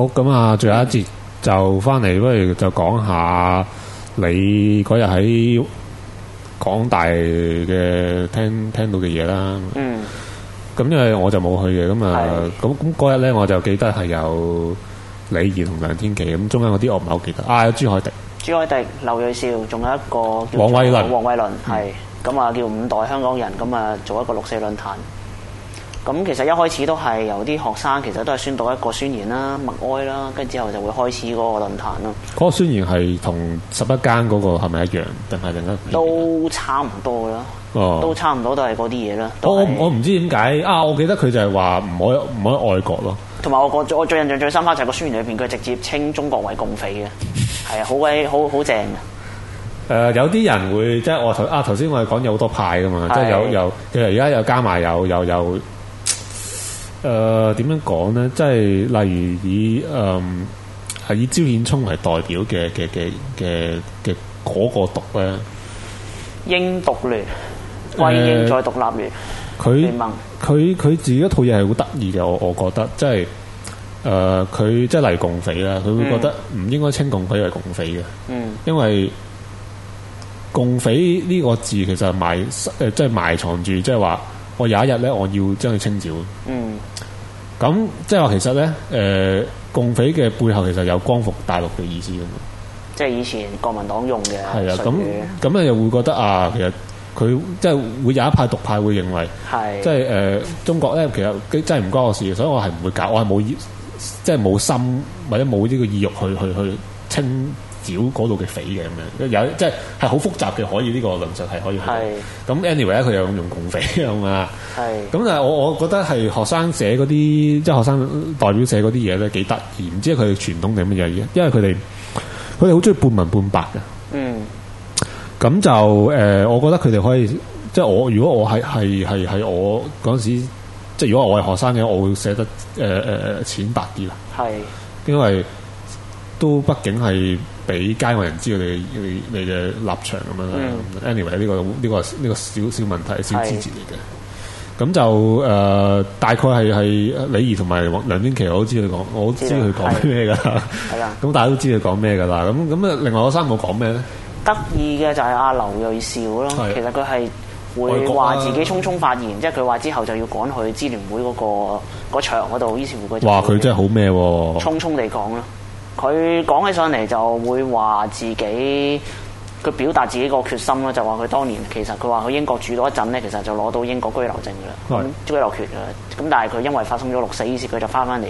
好咁啊，最後一節就翻嚟，不如就講下你嗰日喺港大嘅聽聽到嘅嘢啦。嗯，咁因為我就冇去嘅，咁啊，咁咁嗰日咧，我就記得係有李儀同梁天琦，咁中間嗰啲我唔係好記得。啊，朱凱迪、朱凱迪、劉銳紹，仲有一個叫王慧麟，王慧麟係咁啊，叫五代香港人，咁啊做一個六四論壇。咁其實一開始都係由啲學生，其實都係宣讀一個宣言啦、默哀啦，跟住之後就會開始嗰個論壇咯。嗰個宣言係同十一間嗰個係咪一樣，定係另一？都差唔多啦，都差唔多都係嗰啲嘢啦。我我唔知點解啊！我記得佢就係話唔可以唔可以外國咯。同埋我我我最印象最深刻就係個宣言裏邊，佢直接稱中國為共匪嘅，係、 呃、啊，好鬼好好正嘅。誒有啲人會即係我頭啊頭先我哋講有好多派噶嘛，是即係有有其實而家又加埋有有有。有有有誒，點、呃、樣講咧？即係例如以誒，係、嗯、以招顯聰為代表嘅嘅嘅嘅嘅嗰個獨誒英獨聯歸英再獨立聯佢佢佢自己一套嘢，係好得意嘅，我覺得即係誒，佢、呃、即係嚟，共匪啦，佢會覺得唔應該稱共匪為共匪嘅，嗯，因為共匪呢個字其實係埋誒即係埋藏住，即係話。我有一日咧，我要將佢清剿。嗯，咁即係話，就是、我其實咧，誒、呃，共匪嘅背後其實有光復大陸嘅意思嘅。咁即係以前國民黨用嘅。係啊，咁咁咧又會覺得啊，其實佢即係會有一派獨派會認為，即係係、就是呃，中國咧其實真係唔關我事，所以我係唔會搞，我係冇意，即係冇心或者冇呢個意欲去去去清。嗰度嘅匪嘅咁樣，有即係好複雜嘅，可以呢個論述係可以去。咁 anyway 咧，佢有咁用共匪啊嘛。咁是但係我我覺得係學生寫嗰啲，即係學生代表寫嗰啲嘢咧幾得意，唔知佢傳統定乜嘢嘢。因為佢哋佢哋好中意半文半白嘅。嗯，咁就、呃、我覺得佢哋可以，即係我如果我係係係係我嗰陣時，即係如果我係學生嘅，我會寫得誒、呃呃、淺白啲啦。係是，因為都畢竟係。俾街外人知道你佢嘅立場咁樣 Anyway 呢個呢、呢個呢、呢個、小小問題，小支持嚟嘅。咁是的 就、呃、大概係係李儀同埋梁天琦，我都知佢講，我知佢講咩噶？係啊，咁大家都知佢講咩噶啦。咁咁啊，什麼另外三個講咩咧？得意嘅就係阿劉瑞兆啦。其實佢係會話自己匆匆發言，即係佢話之後就要趕去支聯會嗰、嗰個嗰個場嗰度。於是乎佢話佢真係好咩喎？匆匆地講咯。佢講起上嚟就會話自己，佢表達自己個決心啦，就話佢當年其實佢話去英國住多一陣咧，其實就攞到英國居留證㗎啦，是的 居留權㗎。咁但係佢因為發生咗六四事件，佢就翻翻嚟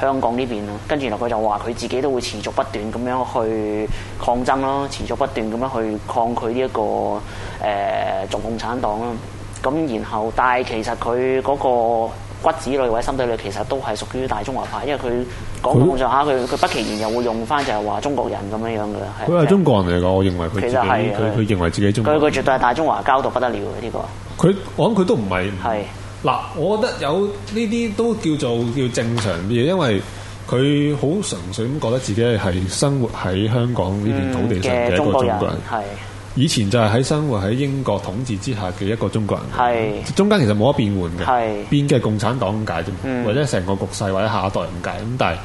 香港呢邊啦。跟住原來佢就話佢自己都會持續不斷咁樣去抗爭咯，持續不斷咁樣去抗拒呢、這、一個誒左、呃、共產黨啦。咁然後但係其實佢嗰、那個。骨子裡或者心底裡其實都係屬於大中華派，因為佢講講上下佢佢不其然又會用翻就係話中國人咁樣樣㗎。佢係中國人嚟㗎，我認為佢自己佢佢認為自己中國人。佢佢絕對係大中華交到不得了㗎呢個。佢我諗佢都唔係。係嗱是，我覺得有呢啲都叫做叫正常啲嘢，因為佢好純粹咁覺得自己係生活喺香港呢片土地上嘅一個中國人係。以前就係喺生活喺英國統治之下嘅一個中國人，是中間其實冇得變換嘅，變嘅是共產黨咁解啫，嗯、或者成個局勢，或者下一代咁解。咁但係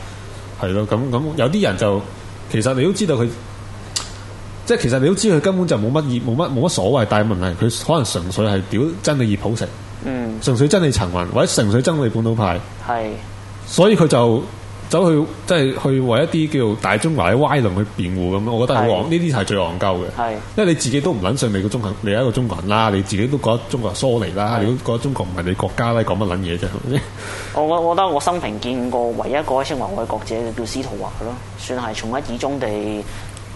係咯，咁咁有啲人就其實你都知道佢，即係其實你都知佢根本就冇乜意，冇乜冇乜所謂，但係問題。佢可能純粹係屌真係熱普城，嗯、純粹真係陳雲，或者純粹真係本土派，是所以佢就。走去即係去為一啲叫做大中華嘅歪論去辯護咁樣，我覺得係呢啲係最戇鳩嘅。係，是的 因為你自己都唔撚信你個中國人，你係一個中國人啦，你自己都覺得中國人疏離啦，是的 你都覺得中國唔係你國家咧，講乜撚嘢啫？我我覺得我生平見過唯一一個稱為愛國者嘅叫司徒華咯，算係從一而終地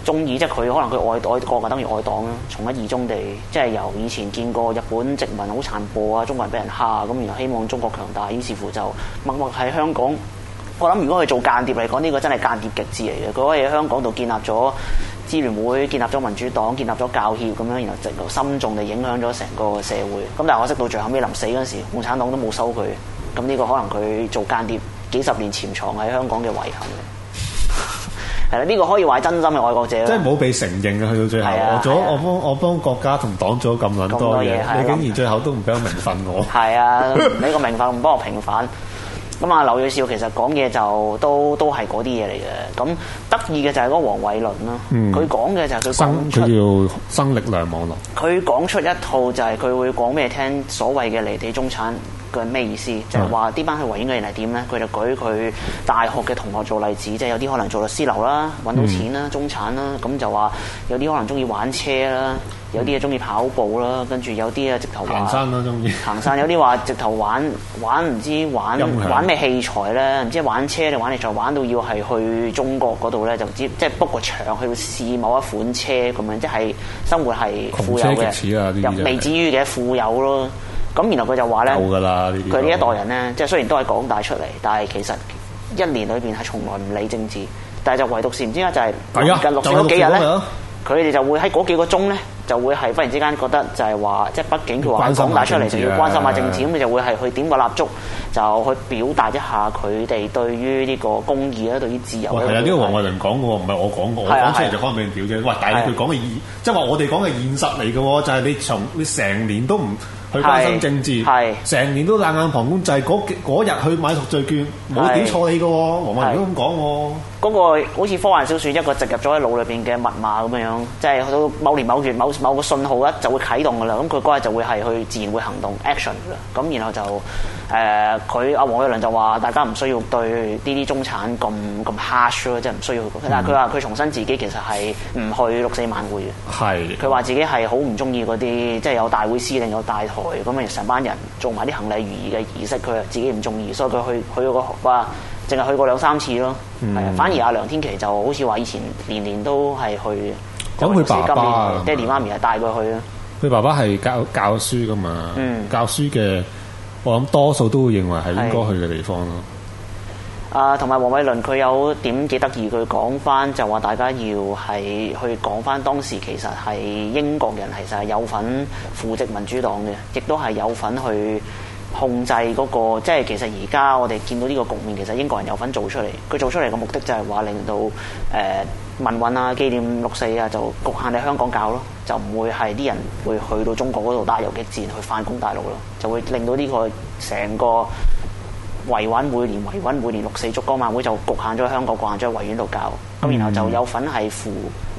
中意，即係佢可能佢愛愛國就等於愛黨啦，從一而終地即係由以前見過日本殖民好殘暴啊，中國人俾人蝦咁，然後希望中國強大，於是乎就默默喺香港。我諗，如果佢做間諜嚟講，呢個真係間諜極致嚟嘅。佢可以喺香港度建立咗支聯會，建立咗民主黨，建立咗教協咁樣，然後直頭深重地影響咗成個社會。咁但係可惜到最後尾臨死嗰時，共產黨都冇收佢。咁呢個可能佢做間諜幾十年潛藏喺香港嘅遺憾嘅。係啦，呢個可以話真心嘅愛國者即係冇被承認嘅，去到最後，我幫我幫國家同黨做咗咁撚多嘢，多你竟然最後都唔俾我名分我。係啊，你個名分唔幫我平反。咁啊，劉銳紹其實講嘢就都都係嗰啲嘢嚟嘅。咁得意嘅就係嗰個王慧麟啦，佢講嘅就係佢生主要生力量網絡。佢講出一套就係佢會講畀你聽，所謂嘅離地中產係咩意思，嗯、就係話呢班去維園嘅人係點咧？佢就舉佢大學嘅同學做例子，即、就、係、是、有啲可能做律師樓啦，揾到錢啦，中產啦，咁、嗯、就話有啲可能中意玩車啦。有啲嘢中意跑步啦，跟住有啲啊直頭行山中意行山，行山有啲話直頭玩玩唔知玩音響 玩咩器材咧，唔知玩車定玩器材，玩到要係去中國嗰度咧就直即係 book 個場去試某一款車咁樣，即係生活係富有嘅，又未至於幾富有咯。咁然後佢就話咧，佢呢一代人咧，即係雖然都係港大出嚟，了但係其實一年裏面係從來唔理政治，但係就唯獨、就是唔知、哎、就係最近六月幾日咧，佢哋就會喺嗰幾個鐘咧。就會係忽然之間覺得就係話，即係畢竟佢話講大出嚟就要關心下政治，咁你就會係去點個蠟燭，就去表達一下佢哋對於呢個公義啦，對於自由。係啊，呢個王慧麟講嘅唔係我講嘅，我講出嚟就可能俾人屌啫。喂，但係佢講嘅現，即係話我哋講嘅現實嚟嘅喎，就係、是、你從你成年都唔去關心政治，成年都冷眼旁觀，就係嗰日去買贖罪券，冇點錯你嘅喎，的王慧麟都咁講喎。嗰個好似科幻小説一個植入咗喺腦裏邊嘅密碼咁樣，即係到某年某月某某個信號一就會啟動噶啦，咁佢嗰日就會係去自然會行動 action 啦。咁然後就誒佢阿王慧麟就話：大家唔需要對呢啲中產咁咁 hard，即係唔需要。但係佢話佢重申自己其實係唔去六四晚會嘅，佢話是的 自己係好唔中意嗰啲即係有大會司、令、有大台咁樣成班人做埋啲行禮如儀嘅儀式，佢自己唔中意，所以佢去去個話。淨係去過兩三次咯，係啊、嗯，反而阿梁天琦就好似話以前年年都係去，咁佢爸爸爹哋媽咪係帶佢去咯。佢爸爸係教教書噶嘛，教書嘅、嗯，我諗多數都會認為係應該去嘅地方咯。啊，同埋王慧麟佢有點幾得意，佢講翻就話大家要係去講翻當時其實係英國人其實係有份扶植民主黨嘅，亦都係有份去。控制嗰、那個，即係其實而家我哋見到呢個局面，其實英國人有份做出嚟。佢做出嚟嘅目的就係話令到誒民運啊、紀念六四啊，就局限喺香港搞咯，就唔會係啲人會去到中國嗰度打遊擊戰去反攻大陸咯，就會令到呢個成個維穩每年維穩每，每年六四燭光晚會就局限咗喺香港、局限咗喺維園度搞。咁、嗯、然後就有份係扶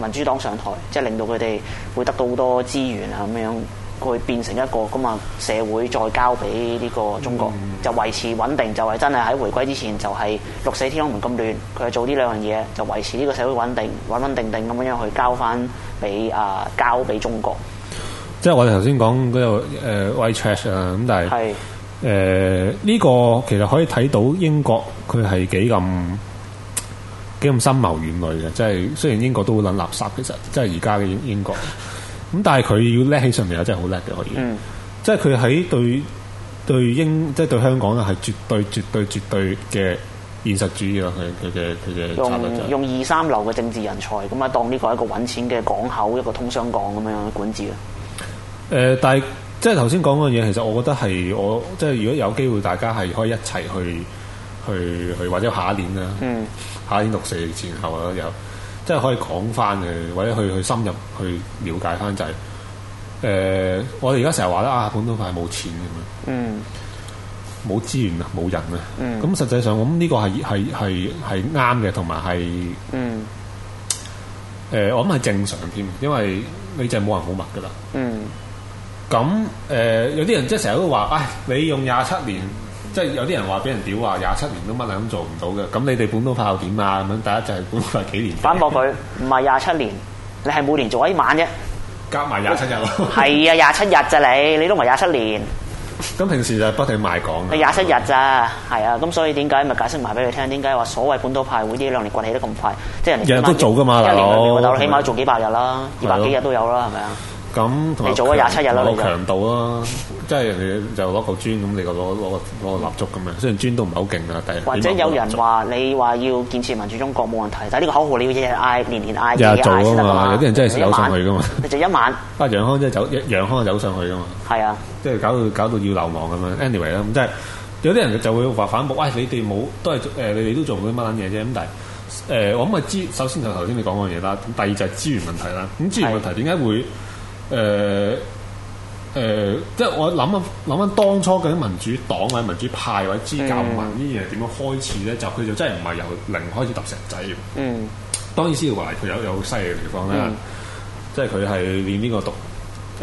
民主黨上台，即係令到佢哋會得到好多資源啊咁樣。佢變成一個咁啊社會，再交俾呢個中國，嗯、就維持穩定。就係、是、真係喺回歸之前，就係六四天安門咁亂，佢做呢兩樣嘢，就維持呢個社會穩定，穩穩定定咁樣去交翻俾啊，交俾中國。即係我哋頭先講嗰個誒 White Trash 啊是，咁但係誒呢個其實可以睇到英國佢係幾咁幾咁深謀遠慮嘅，即係雖然英國都會撚垃圾，其實即係而家嘅英英國。咁但係佢要叻喺上面，啊，真係好叻嘅可以，嗯、即係佢喺對對英，即係對香港啊，係絕對、絕對、絕對嘅現實主義啊！佢佢嘅佢嘅用用二三流嘅政治人才咁啊，當呢個係一個揾錢嘅港口，一個通商港咁樣樣管治啊！誒、呃，但係即係頭先講嘅嘢，其實我覺得係我即係如果有機會，大家係可以一齊去去去，或者下一年啦，嗯、下一年六四前後啊有。即係可以講翻嘅，或者去去深入去了解翻，就係、是、誒、呃，我哋而家成日話啦，啊，本土化係冇錢嘅嘛，嗯，冇資源啊，冇人啊，咁、嗯、實際上，我諗呢個係係係係啱嘅，同埋係，嗯，誒、呃，我諗係正常添，因為你就冇人冇物噶啦，嗯，咁誒、呃，有啲人即係成日都話，誒、哎，你用廿七年。即係有啲人話俾人屌話廿七年都乜嘢咁做唔到嘅，咁你哋本土派又點啊？咁樣第一就係本土派幾年？反駁佢，唔係廿七年，你係每年做一晚啫。加埋廿七日咯。係 啊，廿七日咋你？你都唔係廿七年。咁平時就不停賣港，你廿七日咋？係吧啊，咁所以點解咪解釋埋俾佢聽？點解話所謂本土派會呢兩年崛起得咁快？即係人日都做㗎嘛，大佬。起碼、哦、起碼都做幾百日啦，二百幾日都有啦，係咪啊？咁同埋做咗廿七日攞強度啊，即係人哋就攞個磚咁，你個攞攞個攞個蠟燭咁樣，雖然磚都唔係好勁啊，但係或者有人話你話要建設民主中國冇問題，但係呢個口號你要日日嗌、年年嗌、日日做啊嘛。有啲人真係有上去㗎嘛。你就一晚。阿楊康真係走，楊康走上去㗎嘛。係啊，即係搞到搞到要流亡咁樣。Anyway 啦，咁即係有啲人就會話反駁，喂，你哋冇都係誒，你哋都做到乜撚嘢啫，咁但係誒，我諗係資，首先就頭先你講嘅嘢啦，咁第二就係資源問題啦。咁資源問題點解會？誒誒、呃呃，即係我諗下諗返，當初嗰啲民主黨或者民主派或者支教民呢樣點樣開始咧？就佢就真係唔係由零開始揼石仔。嗯，當然先要話佢有有好犀利嘅地方啦，即係佢係練呢個讀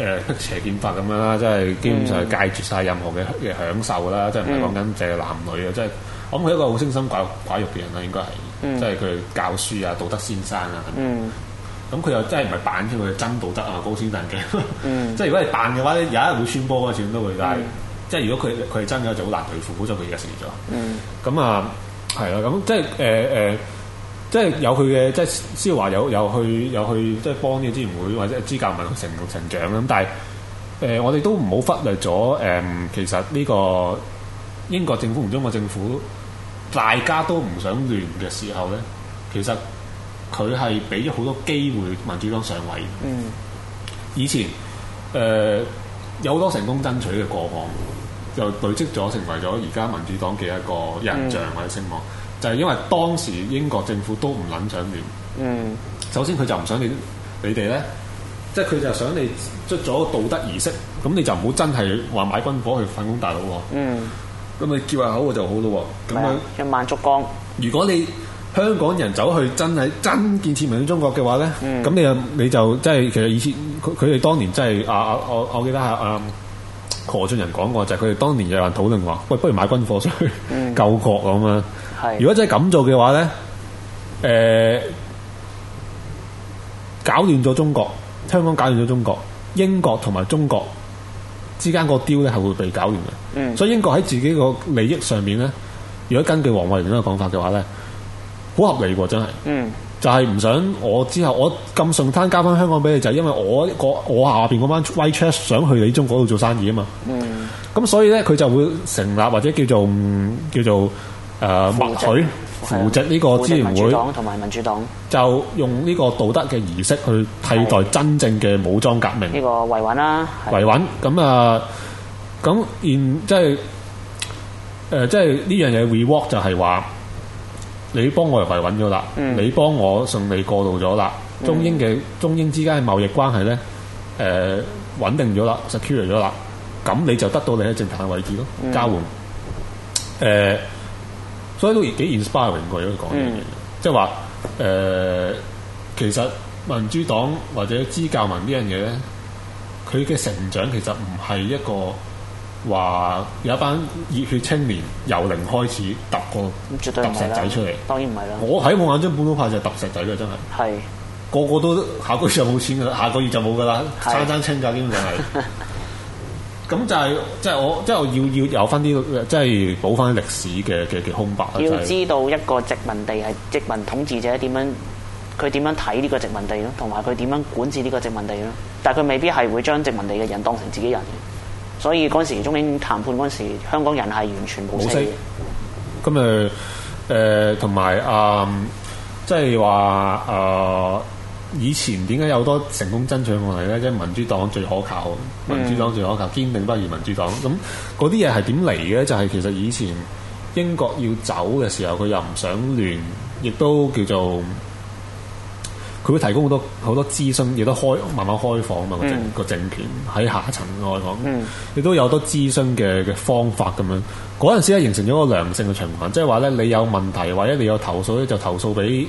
誒辟邪劍法咁樣啦，即係基本上係戒絕晒任何嘅嘅享受啦，嗯、即係唔係講緊淨係男女啊，嗯、即係我諗佢一個好清心，心寡寡欲嘅人啦，應該係，嗯、即係佢教書啊、道德先生啊咁。嗯咁佢又真係唔係扮佢嘛，真道德啊，高先生。嘅嗯，即係如果係扮嘅話，咧有一日會穿煲嗰陣都會，但係、嗯、即係如果佢佢係真嘅，就好難對付，好在佢而家死咗。嗯，咁啊，係啦，咁即係誒誒，即係有佢嘅，即係先話有有去有去，即係幫啲支援會或者支教民去成長咁但係誒、呃，我哋都唔好忽略咗誒、呃，其實呢個英國政府同中國政府，大家都唔想亂嘅時候咧，其實。佢係俾咗好多機會民主黨上位。嗯，以前誒有好多成功爭取嘅過往，就累積咗成為咗而家民主黨嘅一個印象或者聲望，就係因為當時英國政府都唔撚想亂。嗯，首先佢就唔想你你哋咧，即係佢就想你出咗道德儀式，咁你就唔好真係話買軍火去反攻大陸。嗯，咁你叫下口號就好咯。咁樣一盞燭光，如果你香港人走去真係真建設民主中國嘅話呢，咁你又你就即係其實以前佢哋當年即係啊我我記得啊,啊何俊仁講過就係佢哋當年有人討論話喂不如買軍火去、嗯、救國咁啊！的如果真係咁做嘅話呢、呃，搞亂咗中國，香港搞亂咗中國，英國同埋中國之間個雕呢係會被搞亂嘅。嗯、所以英國喺自己個利益上面呢，如果根據王慧麟嘅個講法嘅話呢。好合理喎，真係，嗯、就係唔想我之後我咁順攤交翻香港俾你，就係、是、因為我我下邊嗰班 white chef 想去你中國嗰度做生意啊嘛，咁、嗯、所以呢，佢就會成立或者叫做、嗯、叫做誒默許扶植呢個支援會同埋民主黨，就用呢個道德嘅儀式去替代真正嘅武裝革命呢、嗯、個維穩啦、啊，維穩咁啊，咁然即係誒，即係呢、呃、樣嘢 reward 就係話。你幫我維穩咗啦，嗯、你幫我順利過渡咗啦，中英嘅中英之間嘅貿易關係咧，誒、呃、穩定咗啦，secure 咗啦，咁你就得到你喺政壇嘅位置咯，交換誒、嗯呃，所以都幾 inspiring 嘅，如果講呢嘢，即係話誒，其實民主黨或者支教民呢樣嘢咧，佢嘅成長其實唔係一個。話有一班熱血青年由零開始揼個揼石仔出嚟，當然唔係啦。我喺我眼中本，本土派就係揼石仔啦，真係。係個個都下個月就冇錢㗎啦，下個月就冇噶啦，餐餐是的 清㗎，基本上係。咁 就係即係我即係、就是、我要要有翻啲即係補翻歷史嘅嘅嘅空白。就是、要知道一個殖民地係殖民統治者點樣，佢點樣睇呢個殖民地咯，同埋佢點樣管治呢個殖民地咯。但係佢未必係會將殖民地嘅人當成自己人。所以嗰陣時中英談判嗰陣時，香港人係完全冇聲。咁誒誒，同埋啊，即係話啊，以前點解有好多成功爭取過嚟咧？即係民主黨最可靠，民主黨最可靠，嗯、堅定不如民主黨。咁嗰啲嘢係點嚟嘅？就係其實以前英國要走嘅時候，佢又唔想亂，亦都叫做。佢會提供好多好多諮詢，亦都開慢慢開放嘛，個政個政權喺下一層外放，亦都有多諮詢嘅嘅方法咁樣。嗰陣時咧形成咗個良性嘅循環，即係話咧，你有問題或者你有投訴咧，就投訴俾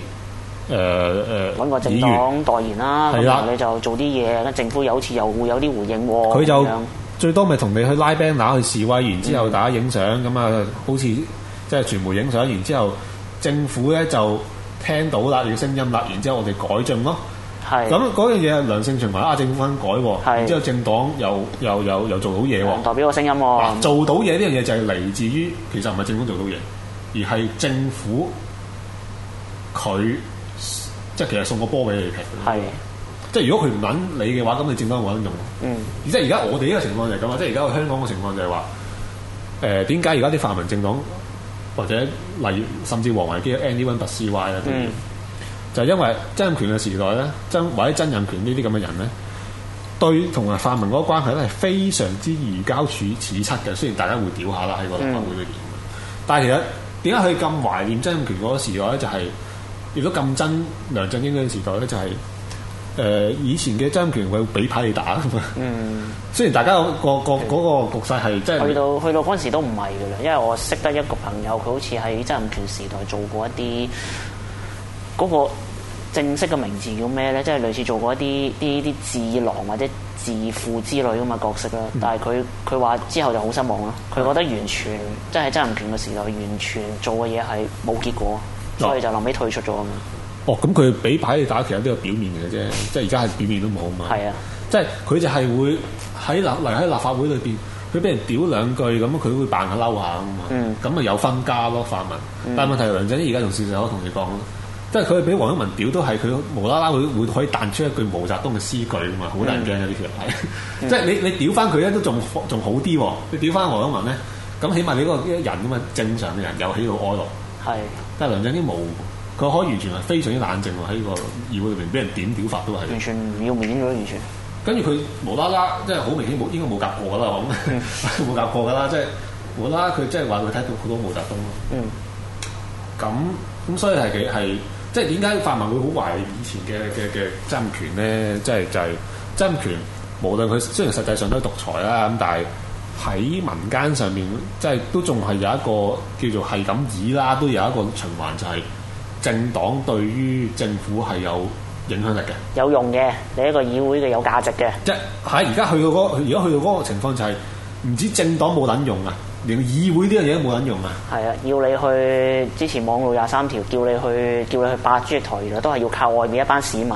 誒誒揾個政黨代言、呃、員啦，然後你就做啲嘢，政府有次又會有啲回應。佢就這樣 最多咪同你去拉 Banner 打去示威，然後打、嗯、然後之後大家影相咁啊，好似即係傳媒影相，然之後政府咧就。聽到啦，你嘅聲音啦，然之後我哋改進咯。係咁嗰樣嘢係良性循環啊！政府肯改，是然之後政黨又又又又做到嘢喎。代表個聲音喎、啊。做到嘢呢樣嘢就係嚟自於其實唔係政府做到嘢，而係政府佢即係其實送個波俾你踢。係是即係如果佢唔撚你嘅話，咁你政黨冇得用。嗯，而即係而家我哋呢個情況就係咁啊！即係而家香港個情況就係、是、話，誒點解而家啲泛民政黨？或者例如甚至王維基 anyone but CY 啦，就係因為曾蔭權嘅時代咧，曾或者曾蔭權呢啲咁嘅人咧，對同埋泛民嗰個關係咧係非常之如膠處似漆嘅。雖然大家會屌下啦喺個立法會裏邊，是的但係其實點解佢咁懷念曾蔭權個時代咧？就係亦都咁憎梁振英嗰個時代咧，就係、是。誒以前嘅曾蔭權會俾牌你打啊嘛，嗯、雖然大家個個嗰個局勢係即係去到去到嗰陣時都唔係噶啦，因為我識得一個朋友，佢好似喺曾蔭權時代做過一啲嗰、那個正式嘅名字叫咩咧？即、就、係、是、類似做過一啲啲啲智囊或者智庫之類噶嘛角色啦，但係佢佢話之後就好失望咯，佢覺得完全即係曾蔭權嘅時代，完全做嘅嘢係冇結果，所以就臨尾退出咗啊嘛。哦，咁佢俾牌你打，其實都有表面嘅啫，即係而家係表面都冇啊嘛。是啊即，即係佢就係會喺立嚟喺立法會裏面，佢俾人屌兩句咁，佢會扮下嬲下咁啊有分家咯，法文。嗯、但係問題梁振英而家仲事實可同你講即係佢俾黃一文屌都係佢無啦啦會可以彈出一句毛澤東嘅詩句啊嘛，好難聽啊呢條牌。即係你你屌翻佢咧都仲仲好啲，你屌翻、啊、黃一文咧，咁起碼你嗰個人咁嘛，正常嘅人有喜怒哀樂。係是的。但係梁振英冇。佢可以完全係非常之冷靜喎，喺個議會入面俾人點屌法都係完全唔要面嘅，完全跟住佢無啦啦，即係好明顯冇應該冇夾過啦，咁冇夾過噶啦，即係無啦啦佢即係話佢睇到好多毛澤東咯。嗯，咁咁所以係幾係即係點解泛民會好懷疑以前嘅嘅嘅爭權咧？即係就係、是、爭權，無論佢雖然實際上都係獨裁啦，咁但係喺民間上面即係都仲係有一個叫做係咁以啦，都有一個循環就係、是。政黨對於政府係有影響力嘅，有用嘅，你一個議會嘅有價值嘅、那個。即係而家去到嗰，而家去到嗰個情況就係，唔知政黨冇撚用啊，連議會呢樣嘢都冇撚用啊。係啊，要你去之前網絡廿三條叫，叫你去叫你去霸珠台，原來都係要靠外面一班市民。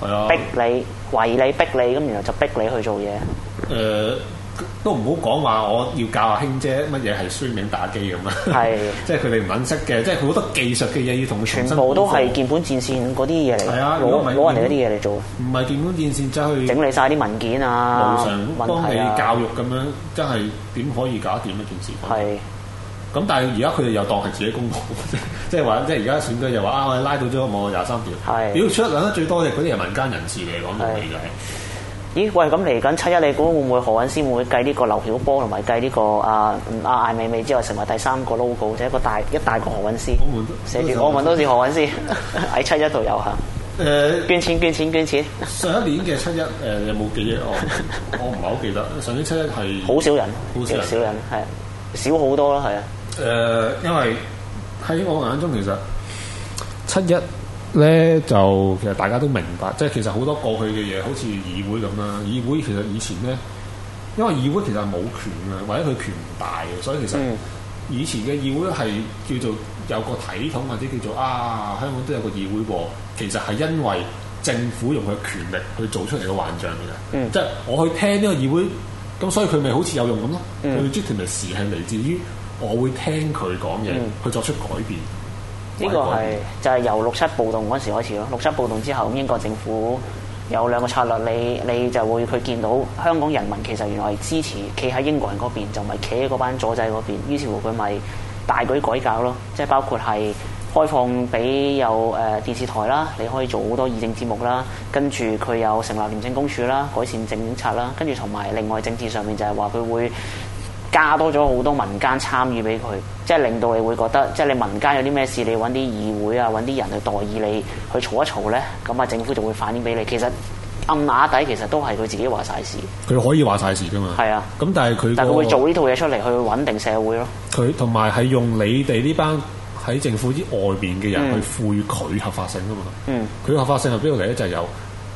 係啊，逼你，懷疑你，逼你，咁然後就逼你去做嘢。誒、呃，都唔好講話，我要教阿兄姐乜嘢係虛名打機咁啊。係是， 即係佢哋唔肯識嘅，即係好多技術嘅嘢要同佢。全部都係鍵盤戰線那些東西來、戰線嗰啲嘢嚟。係啊，如果唔係，攞人哋嗰啲嘢嚟做。唔係鍵盤戰線、戰線走去整理晒啲文件啊，路上常幫、啊、你教育咁樣，真係點可以搞掂一件事？係是。咁但係而家佢哋又當係自己功勞。即係話，即係而家選舉就話啊，我哋拉到咗冇廿三條。如果出糧得最多嘅嗰啲係民間人士嚟講道理嘅。咦？喂，咁嚟緊七一，你估會唔會何韻詩會唔會計呢個劉曉波同埋計呢個啊啊艾美美之後成為第三個 logo，就係一個大一大個何韻詩。我問都算何韻詩喺七一度遊行。誒，捐錢捐錢捐錢。上一年嘅七一，誒有冇記憶？我我唔係好記得。上年七一係好少人，好少人少好多咯，係啊。誒，因為。喺我眼中，其實七一咧就其實大家都明白，即係、就是、其實好多過去嘅嘢，好似議會咁啦。議會其實以前咧，因為議會其實冇權嘅，或者佢權唔大嘅，所以其實以前嘅議會係叫做有個體統，或者叫做啊香港都有個議會喎。其實係因為政府用佢嘅權力去做出嚟嘅幻象嚟嘅，即係、嗯、我去聽呢個議會，咁所以佢咪好似有用咁咯。佢呢條咪事係嚟自於。我會聽佢講嘢，去作出改變。呢、嗯、個係就係、是、由六七暴動嗰時開始咯。六七暴動之後，英國政府有兩個策略，你你就會佢見到香港人民其實原來係支持，企喺英國人嗰邊就咪企喺嗰班左仔嗰邊。於是乎佢咪大舉改革咯，即係包括係開放俾有誒電視台啦，你可以做好多議政節目啦。跟住佢有成立廉政公署啦，改善政策啦。跟住同埋另外政治上面就係話佢會。加多咗好多民間參與俾佢，即係令到你會覺得，即係你民間有啲咩事，你搵啲議會啊，搵啲人去代議你去嘈一嘈咧，咁啊政府就會反映俾你。其實暗啞底其實都係佢自己話晒事。佢可以話晒事㗎嘛？係啊的。咁但係佢、那個、但佢會做呢套嘢出嚟去穩定社會咯。佢同埋係用你哋呢班喺政府之外面嘅人去賦予佢合法性㗎嘛。嗯。佢合法性係邊度嚟咧？就係、是、有，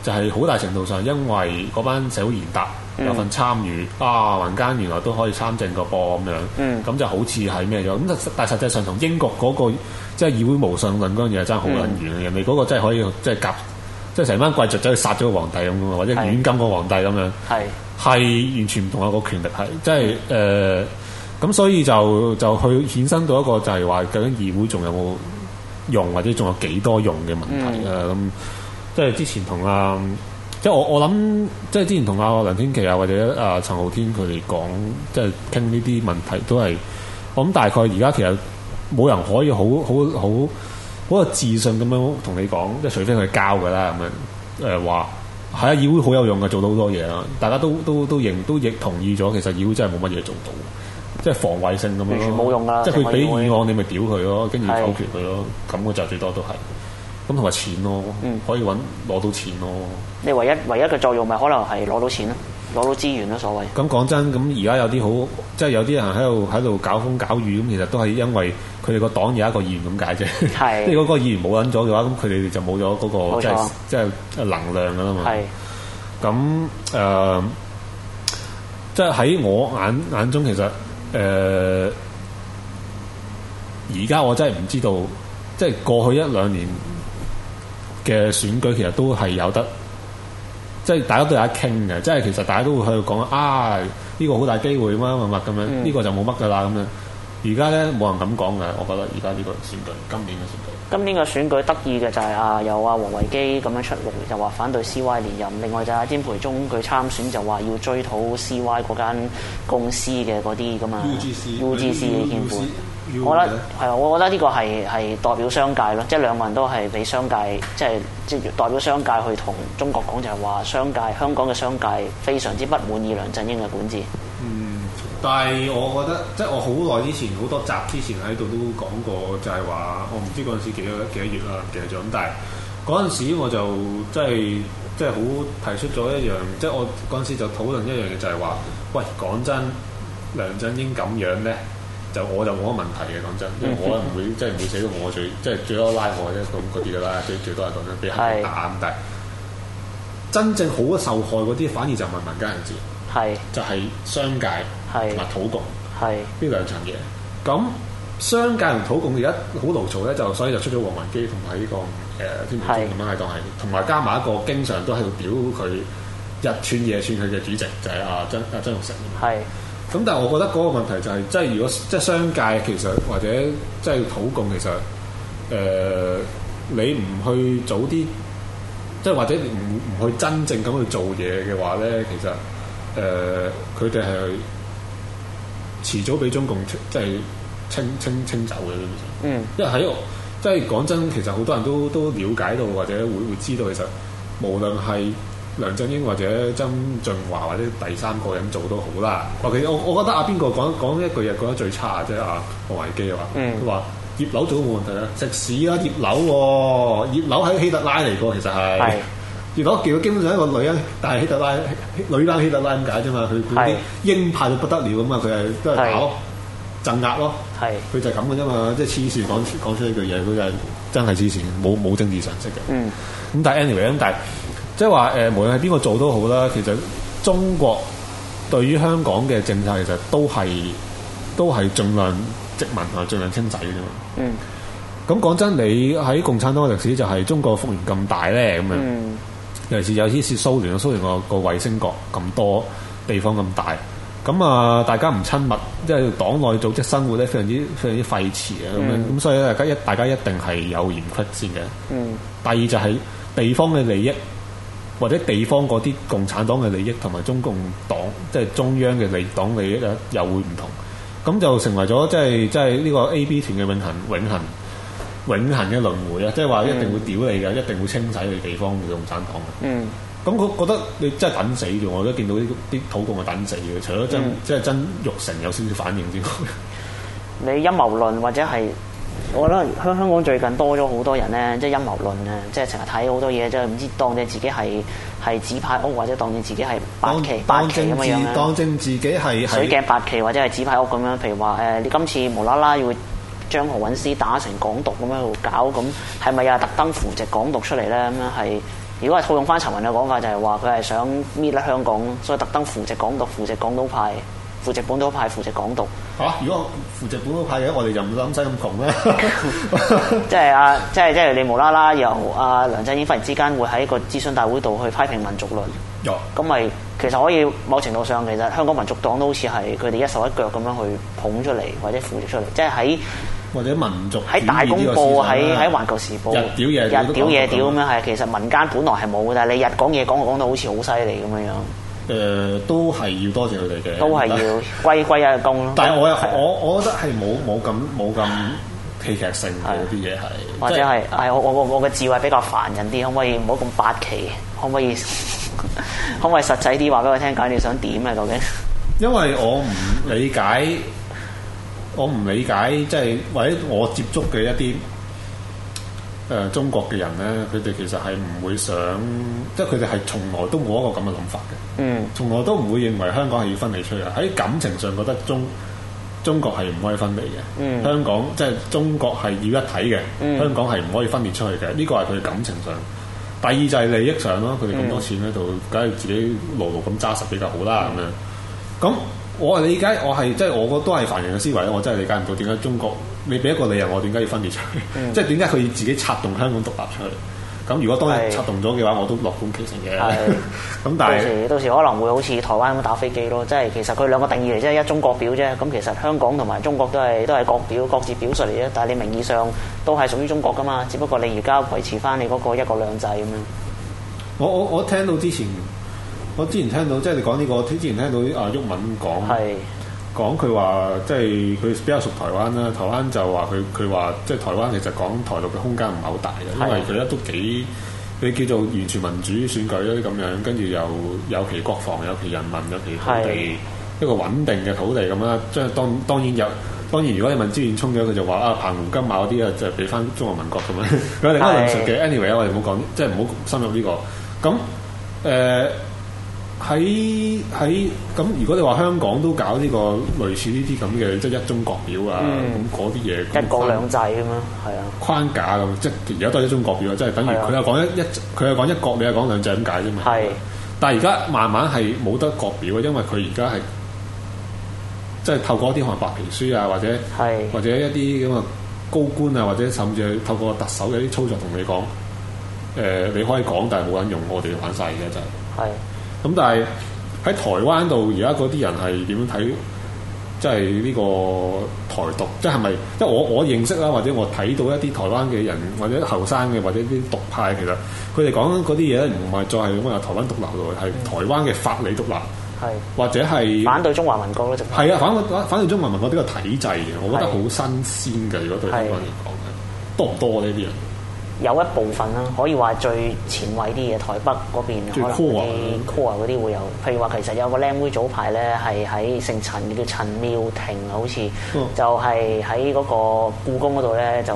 就係、是、好大程度上因為嗰班社會賢達。有份參與、嗯、啊，民間原來都可以參政個波咁樣，咁、嗯、就好似係咩咗咁，但實際上同英國嗰個即係議會無上論嗰樣嘢真係好撚遠嘅。嗯、人哋嗰個真係可以即係、就是、夾，即係成班貴族走去殺咗個皇帝咁啊，或者軟禁個皇帝咁樣，係完全唔同一個權力係，即係誒咁，所以就就去衍生到一個就係話究竟議會仲有冇用或者仲有幾多用嘅問題、嗯、啊咁，即係、就是、之前同阿、啊。即係我我諗，即係之前同阿梁天琦啊或者阿、呃、陳浩天佢哋講，即係傾呢啲問題都係，我諗大概而家其實冇人可以好好好好有自信咁樣同你講，即係除非佢交㗎啦咁樣，誒話係啊，議會好有用嘅，做到好多嘢啦，大家都都都認都亦同意咗，其實議會真係冇乜嘢做到，即係防衞性咁樣咯，完全冇用啊，即係佢俾議案你咪屌佢咯，跟住否決佢咯，咁我就最多都係。咁同埋錢咯，可以揾攞到錢咯。你唯一唯一嘅作用咪可能係攞到錢咯，攞到資源咯，所謂。咁講真，咁而家有啲好，即係有啲人喺度喺度搞風搞雨，咁其實都係因為佢哋個黨有一個議員咁解啫。係是。即係嗰個議員冇揾咗嘅話，咁佢哋就冇咗嗰個錯即係即係能量噶啦嘛。咁誒是、呃，即係喺我眼眼中，其實誒，呃、而家我真係唔知道，即係過去一兩年，嘅選舉其實都係有得，即係大家都有得傾嘅，即係其實大家都會喺度講啊，呢、哎呢個好大機會嘛咁樣，呢、嗯、個就冇乜噶啦咁樣。而家咧冇人敢講嘅，我覺得而家呢個選舉，今年嘅選，選舉。今年嘅選舉得意嘅就係、是、啊有啊黃維基咁樣出嚟，就話反對 CY 連任。另外就阿詹培忠佢參選就話要追討 CY 嗰間公司嘅嗰啲噶嘛。UGC UGC 嘅牽我覺得係啊，我覺得呢個係係代表商界咯，即係兩個人都係俾商界，即係即代表商界去同中國講，就係話商界香港嘅商界非常之不滿意梁振英嘅管治。嗯，但係我覺得，即係我好耐之前好多集之前喺度都講過，就係話我唔知嗰陣時幾多幾多月啦，其實長大嗰陣時，我就即係即係好提出咗一樣，即係我嗰陣時就討論一樣嘢，就係話喂，講真，梁振英咁樣咧。就我就冇乜問題嘅，講真，因為我唔會即係唔會寫到我最，即係 最多拉我啫，咁嗰啲噶啦，最多係講真俾人打，是但係真正好嘅受害嗰啲，反而就唔係民間人士，是就係商界同埋土共呢是兩層嘢。咁商界同土共而家好嘈咧，就所以就出咗黃文基同埋呢個誒天民中咁樣係當係，同埋是加埋一個經常都喺度表佢日串夜串。佢嘅主席，就係阿曾阿曾鈺成。係。咁但係我覺得嗰個問題就係，即係如果即係商界其實或者即係土共其實，誒你唔去早啲，即係或者你唔唔去真正咁去做嘢嘅話咧，其實誒佢哋係遲早俾中共即係清清清走嘅。嗯。因為喺度，即係講真，其實好多人都都了解到或者會會知道其實無論係，梁振英或者曾俊華或者第三個人做都好啦。或者我我覺得阿邊個講講一句嘢講得最差啊？即係何維基話，佢話、嗯、葉劉做都冇問題啦。食屎啦，葉劉、哦，葉劉係希特拉嚟個，其實係。葉劉叫佢基本上一個女人，但係希特拉希女版希特拉咁解啫嘛。佢嗰啲鷹派到不得了咁嘛。佢係都係搞鎮壓咯。係佢是 就係咁嘅啫嘛。即係黐線講講出呢句嘢，佢就係真係黐線，冇冇政治常識嘅。的嗯但 way，但。咁但係 anyway，但係。即係話誒，無論係邊個做都好啦，其實中國對於香港嘅政策，其實都係都係盡量殖民同盡量親仔嘅啫嘛。嗯。咁講真，你喺共產黨嘅歷史就係中國幅員咁大咧，咁樣、嗯。尤其是有啲似蘇聯，蘇聯個衛星國咁多地方咁大，咁啊大家唔親密，即係黨內組織生活咧非常之非常之廢弛啊咁樣。咁、嗯、所以咧，大家一大家一定係有嚴屈先嘅。嗯。第二就係地方嘅利益。或者地方嗰啲共產黨嘅利益同埋中共黨，即係中央嘅理黨利益咧，又會唔同？咁就成為咗即係即係呢個 A B 團嘅永恆永恆永恆嘅輪迴啊！即係話一定會屌你嘅，嗯、一定會清洗你地方嘅共產黨嘅。嗯，咁我覺得你真係等死㗎！我而家見到啲啲土共係等死嘅，除咗真即係曾玉成有少少反應之外，你陰謀論或者係？我覺得香香港最近多咗好多人咧，即係陰謀論啊，即係成日睇好多嘢，即係唔知當你自己係係紙牌屋，或者當你自己係八旗八旗咁樣咧。當正自己，當正自己係水鏡八旗，或者係紙牌屋咁樣。譬如話誒，你今次無啦啦要將何韻詩打成港獨咁樣去搞，咁係咪又特登扶植港獨出嚟咧？咁樣係如果係套用翻陳雲嘅講法，就係話佢係想搣甩香港，所以特登扶植港獨，扶植港東派。扶植本土派，扶植港獨嚇、啊？如果扶植本土派嘅，我哋就唔使咁窮啦 。即係啊，即係即係，你無啦啦由啊梁振英忽然之間會喺個諮詢大會度去批評民族論，咁咪、嗯、其實可以某程度上，其實香港民族黨都好似係佢哋一手一腳咁樣去捧出嚟或者扶植出嚟。即係喺或者民族喺大公報喺喺《環球時報》日屌嘢，屌嘢屌咁樣係。其實民間本來係冇嘅，但係你日講嘢講講到好似好犀利咁樣樣。誒都係要多謝佢哋嘅，都係要，要歸 歸一個功咯。但係我又我是的 我覺得係冇冇咁冇咁戲劇性嘅啲嘢係，或者係係、哎、我我我嘅智慧比較煩人啲，可唔可以唔好咁八奇？可唔可以 可唔可以實際啲話俾我聽？解你想點啊究竟？因為我唔理解， 我唔理解即係、就是、或者我接觸嘅一啲。誒、呃、中國嘅人呢，佢哋其實係唔會想，即係佢哋係從來都冇一個咁嘅諗法嘅。嗯，從來都唔會認為香港係要分離出去嘅。喺感情上覺得中中國係唔可以分離嘅。嗯，香港即係中國係要一體嘅。嗯、香港係唔可以分裂出去嘅。呢、呢個係佢感情上。第二就係利益上咯，佢哋咁多錢喺度，梗係自己牢牢咁揸實比較好啦。咁、嗯、樣咁。我係理解，我係即係我個都係凡人嘅思維，我真係理解唔到點解中國你俾一個理由，我點解要分裂出去？嗯、即係點解佢要自己策動香港獨立出去？咁如果當日策動咗嘅話，是 我都樂觀其成嘅。咁是 但係到時，到時可能會好似台灣咁打飛機咯。即係其實佢兩個定義嚟，即係一中各表啫。咁其實香港同埋中國都係都係各表，各自表述嚟啫。但係你名義上都係屬於中國噶嘛？只不過你而家維持翻你嗰個一國兩制咁樣。我我我聽到之前。我之前聽到，即係你講呢、這個，我之前聽到啲阿毓民講，講佢話，即係佢比較熟台灣啦。台灣就話佢佢話，即係台灣其實講台獨嘅空間唔係好大嘅，是的 因為佢一都幾，你叫做完全民主選舉咁樣，跟住又有其國防，有其人民，有其土地，是的 一個穩定嘅土地咁啦。即係當當然有，當然如果你問朱元沖咗，佢就話啊，澎湖金馬嗰啲啊，就俾翻中華民國咁樣。佢另外一輪論述嘅，anyway 我哋冇講，即係唔好深入呢、這個咁誒。喺喺咁，如果你話香港都搞呢個類似呢啲咁嘅，即係一中國表啊，咁嗰啲嘢，一國兩制啊嘛，係啊框架咁，即係而家都係一中國表啊，即係等於佢又講一係一佢又講一國，你又講兩制咁解啫嘛。係，但係而家慢慢係冇得國表啊，因為佢而家係即係透過一啲可能白皮書啊，或者係或者一啲咁嘅高官啊，或者甚至係透過特首嘅啲操作同你講、呃，你可以講，但係冇人用，我哋用曬而家就係、係。咁但係喺台灣度，而家嗰啲人係點樣睇？即係呢個台獨，即係咪？因為我我認識啦，或者我睇到一啲台灣嘅人，或者後生嘅，或者啲獨派，其實佢哋講緊嗰啲嘢咧，唔係再係講話台灣獨立，係、嗯、台灣嘅法理獨立，係，或者係反對中華民國咯，直頭係啊，反反對中華民國呢個體制嘅，我覺得好新鮮嘅，是的 如果對台灣嚟講嘅，是的 多唔多呢啲人？有一部分啦，可以話最前衞啲嘅台北嗰邊嗰啲 core 嗰啲會有。譬如話其實有個靚妹早排咧，係喺姓陳，叫陳妙婷、就是、啊，好似就係喺嗰個故宮嗰度咧，就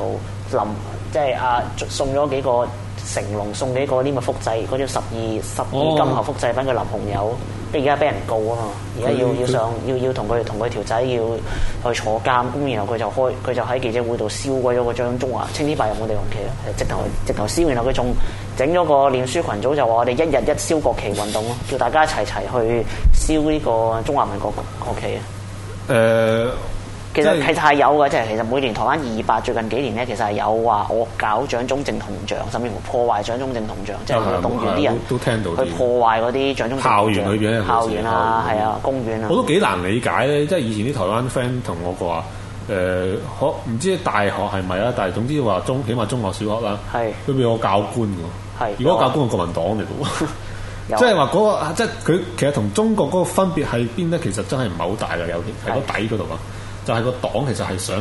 臨即係啊送咗幾個。成龍送嘅嗰啲咪複製，嗰啲十二十二金猴複製品嘅林紅友，即係而家俾人告啊嘛，而家要要上要要同佢同佢條仔要去坐監，咁然後佢就開佢就喺記者會度燒鬼咗個張中華青天白日滿地紅旗啊，直頭直頭燒，然後佢仲整咗個臉書群組，就話我哋一日一燒國旗運動咯，叫大家一齊齊去燒呢個中華民國國旗啊。誒。其實其實係有嘅，即係其實每年台灣二二八最近幾年咧，其實係有話惡搞蔣中正銅像，甚至乎破壞蔣中正銅像，即係動員啲人都聽到，佢破壞嗰啲蔣中正銅像。校園裏面，校園啊，係啊，公園啊。我都幾難理解咧，即係以前啲台灣 friend 同我話，誒，可唔知大學係咪啊，但係總之話中起碼中學、小學啦，佢畀我教官㗎。如果教官係國民黨嚟，即係話嗰個即係佢其實同中國嗰個分別係邊咧？其實真係唔係好大嘅，有啲喺個底嗰度啊。就係個黨其實係想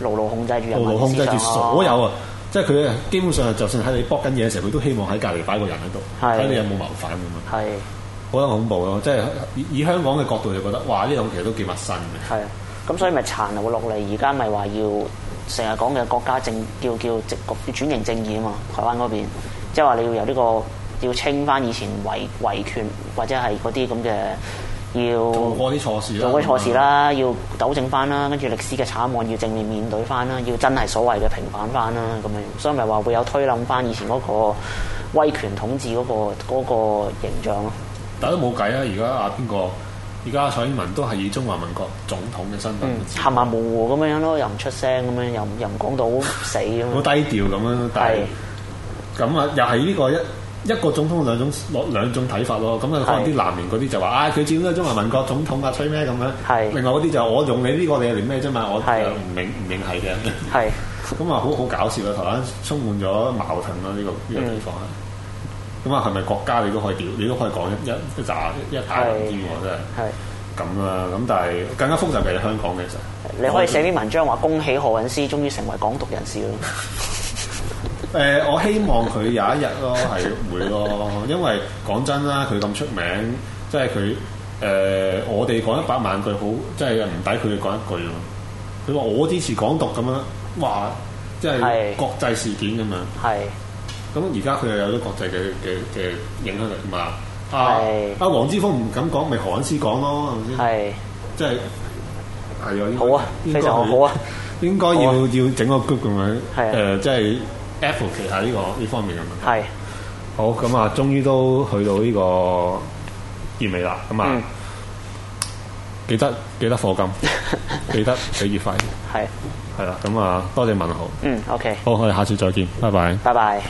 牢牢控制住人民，牢牢控制住所有啊！即係佢基本上，就算喺你搏緊嘢嘅時候，佢都希望喺隔離擺一個人喺度，睇的你有冇謀反咁啊！係好鬼恐怖咯！即、就、係、是、以香港嘅角度就覺得，哇！呢樣其實都幾陌生嘅。係啊，咁所以咪殘留落嚟。而家咪話要成日講嘅國家政叫叫直轉型正義啊嘛！台灣嗰邊即係話你要由呢、這個要清翻以前維維權或者係嗰啲咁嘅。要做過啲錯事，做過啲錯事啦，吧要糾正翻啦，跟住歷史嘅慘案要正面面對翻啦，要真係所謂嘅平反翻啦，咁樣，所以咪話會有推冧翻以前嗰個威權統治嗰、嗰個嗰個形象咯。但都冇計啦，而家阿邊個？而家蔡英文都係以中華民國總統嘅身份，含含、嗯、糊糊咁樣咯，又唔出聲咁 是樣，又又唔講到死咁。好低調咁樣，但係咁啊！又係呢個一。一個總統兩種兩兩種睇法咯，咁啊，可能啲南聯嗰啲就話：是 啊，佢只不過中華民國總統啊，吹咩咁樣？係。是 另外嗰啲就我用你呢個，你係嚟咩啫嘛？我係唔明唔明係嘅。係。咁啊是，好好搞笑啊！台灣充滿咗矛盾咯，呢、嗯、個呢個地方係。咁啊，係咪國家你都可以屌，你都可以講一一一紮一大篇喎，真係。係是。咁啊，咁但係更加複雜嘅係香港其實。你可以寫啲文章話恭喜何韻詩終於成為港獨人士咯。 誒、呃、我希望佢有一日咯，係會咯，因為講真啦，佢咁出名，即係佢誒，我哋講一百萬句好，即係唔抵佢講一句咯。佢話我支持港獨咁樣，話即係國際事件咁樣。係。咁而家佢又有咗國際嘅嘅嘅影響力嘛？係、啊。阿黃是、啊、之鋒唔敢講，咪何韻詩講咯，係咪先？即係係啊！應該，應該好啊，非常好啊。應該，應該要、啊、要整個 group 咁樣誒是的、呃，即係。F 其實呢個呢、這個、方面嘅問題，係是好咁啊，終於都去到呢個結尾啦，咁啊、嗯，記得 記得課金，記得畀月費，係係啦，咁啊，多謝文豪，嗯，OK，好，我哋下次再見，拜拜，拜拜。